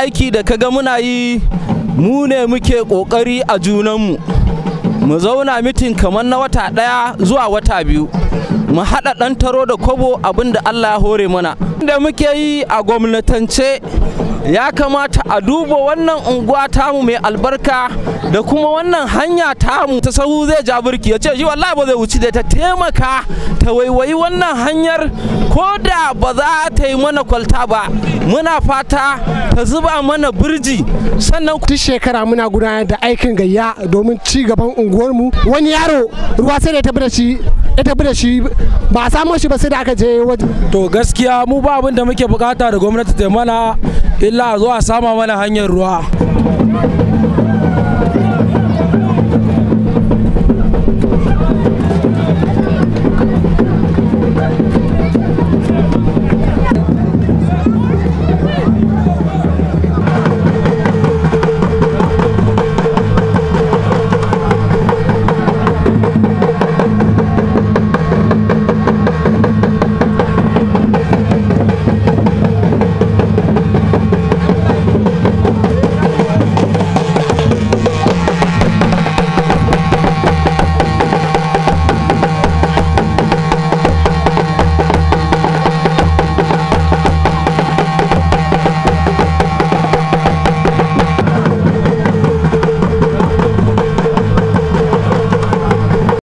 aiki da kaga muna yi mu ne muke kokari a junanmu mu zauna mitin kamar na wata ɗaya zuwa wata biyu mu haɗa ɗan taro da kobo abin da Allah ya hore mana da muke yi a gwamnatance ya kamata a duba wannan unguwa tamu mai albarka da kuma wannan hanya tamu ta sahu zai ja burki ya ce shi wallahi ba zai wuce da ta taimaka ta waiwayi wannan hanyar ko da ba za ta yi mana kwalta ba muna fata ta zuba mana birji sannan duk shekara muna gudanar da aikin gayya domin ci gaban mu wani yaro ruwa sai da tafi shi ya tafi shi ba a samo shi ba sai da aka je waje to gaskiya mu ba abin da muke bukata da gwamnati ta mana illa a zo a sama mana hanyar ruwa